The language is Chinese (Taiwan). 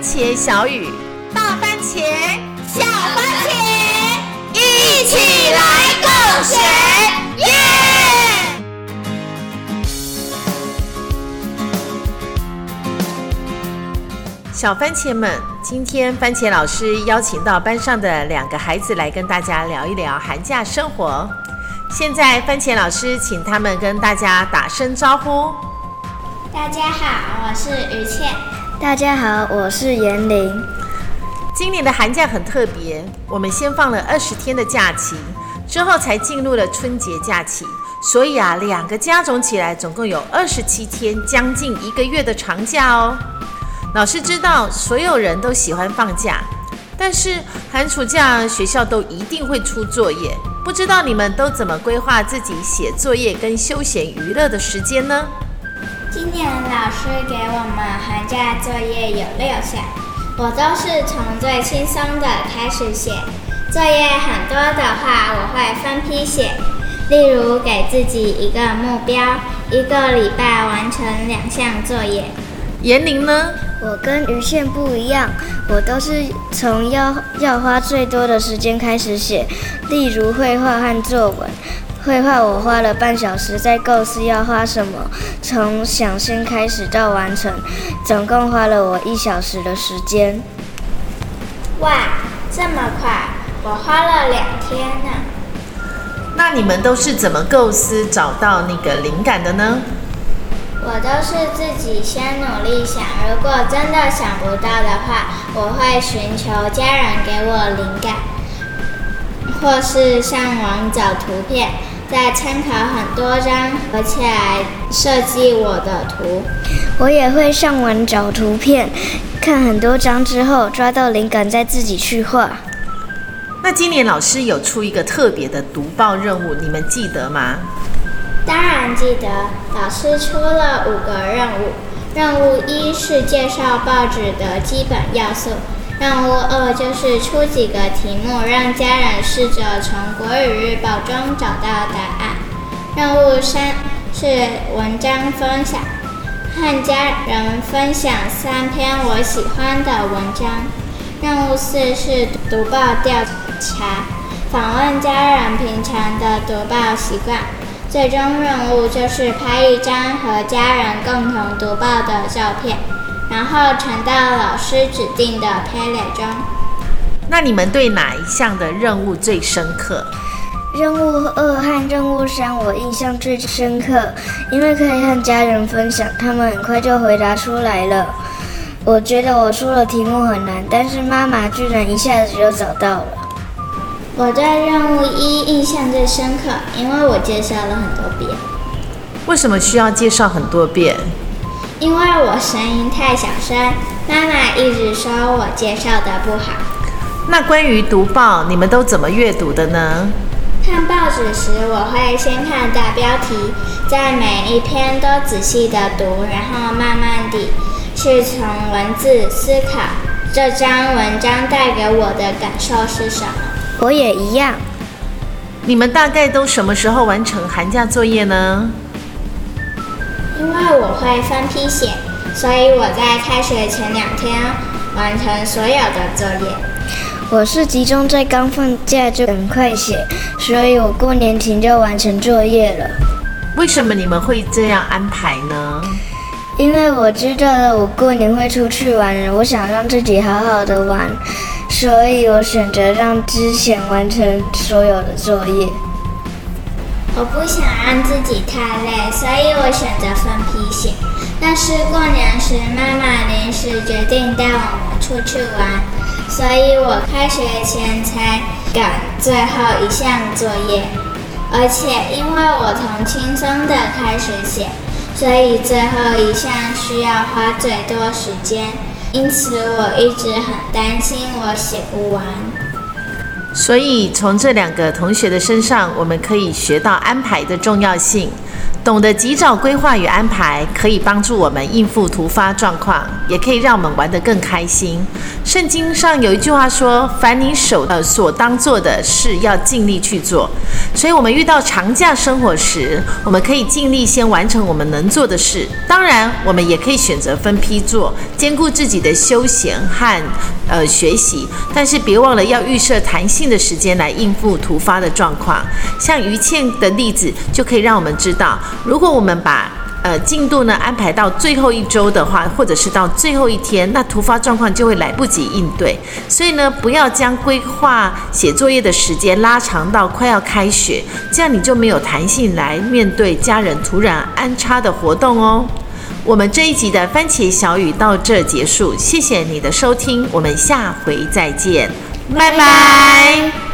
番茄小雨，大番茄，小番茄，一起來共學，耶！Yeah! 小番茄們，今天番茄老師邀請到班上的兩個孩子來跟大家聊一聊寒假生活。現在番茄老師請他們跟大家打聲招呼。大家好，我是於倩。大家好，我是嚴玲。今年的寒假很特別，我們先放了二十天的假期，之後才進入了春節假期，所以啊，兩個加總起來，總共有二十七天，將近一個月的長假哦。老師知道，所有人都喜歡放假，但是寒暑假學校都一定會出作業，不知道你們都怎麼規劃自己寫作業跟休閒娛樂的時間呢？今年老師給我們寒假作業有六項，我都是從最輕鬆的開始寫。作業很多的話，我會分批寫。例如給自己一個目標，一個禮拜完成兩項作業。嚴齡呢？我跟於倩不一樣，我都是從要要花最多的時間開始寫，例如繪畫和作文。繪畫我花了半小時在構思要畫什麼，從想先開始到完成，總共花了我一小時的時間。哇，這麼快！我花了兩天呢。那你們都是怎麼構思找到那個靈感的呢？我都是自己先努力想，如果真的想不到的話，我會尋求家人給我靈感，或是上網找圖片。再參考很多張，而且設計我的圖，我也會上網找圖片，看很多張之後抓到靈感，再自己去畫。那今年老師有出一個特別的讀報任務，你們記得嗎？當然記得，老師出了五個任務，任務一是介紹報紙的基本要素。任務二就是出幾個題目，讓家人試着從《國語日報》中找到答案。任務三是文章分享，和家人分享三篇我喜歡的文章。任務四是讀報調查，訪問家人平常的讀報習慣。最終任務就是拍一張和家人共同讀報的照片。然後傳到老師指定的拍 a 中。那你們對哪一項的任務最深刻？任務二和任務三我印象最深刻，因為可以和家人分享，他們很快就回答出來了。我覺得我出的題目很難，但是媽媽居然一下子就找到了。我在任務一印象最深刻，因為我介紹了很多遍。為什麼需要介紹很多遍？因為我聲音太小聲，媽媽一直說我介紹的不好。那關於讀報，你們都怎麼閱讀的呢？看報紙時，我會先看大標題，在每一篇都仔細地讀，然後慢慢地去從文字思考，這張文章帶給我的感受是什麼。我也一樣。你們大概都什麼時候完成寒假作業呢？因為我會分批寫，所以我在開學前兩天完成所有的作業。我是集中在剛放假就趕快寫，所以我過年前就完成作業了。為什麼你們會這樣安排呢？因為我知道了我過年會出去玩，我想讓自己好好的玩，所以我選擇讓之前完成所有的作業。我不想讓自己太累，所以我選擇分批寫。但是過年時，媽媽臨時決定帶我們出去玩，所以我開學前才趕最後一項作業。而且因為我從輕鬆的開始寫，所以最後一項需要花最多時間，因此我一直很擔心我寫不完。所以，從這兩個同學的身上，我們可以學到安排的重要性。懂得及早規劃與安排，可以幫助我們應付突發狀況，也可以讓我們玩得更開心。聖經上有一句話說：“凡你手呃所當做的事，要盡力去做。”所以，我們遇到長假生活時，我們可以盡力先完成我們能做的事。當然，我們也可以選擇分批做，兼顧自己的休閒和呃學習。但是，別忘了要預設彈性的時間來應付突發的狀況。像於倩的例子，就可以讓我們知道。如果我們把呃進度呢安排到最後一週的話，或者是到最後一天，那突發狀況就會來不及應對。所以呢，不要將規劃寫作業的時間拉長到快要開學，這樣你就沒有彈性來面對家人突然安插的活動哦。我們這一集的番茄小雨到這結束，謝謝你的收聽，我們下回再見，拜拜。拜拜。